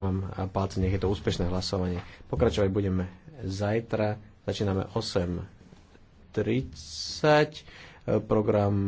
vám palce, nech je to úspešné hlasovanie. Pokračovať budeme zajtra, začíname 8.30, program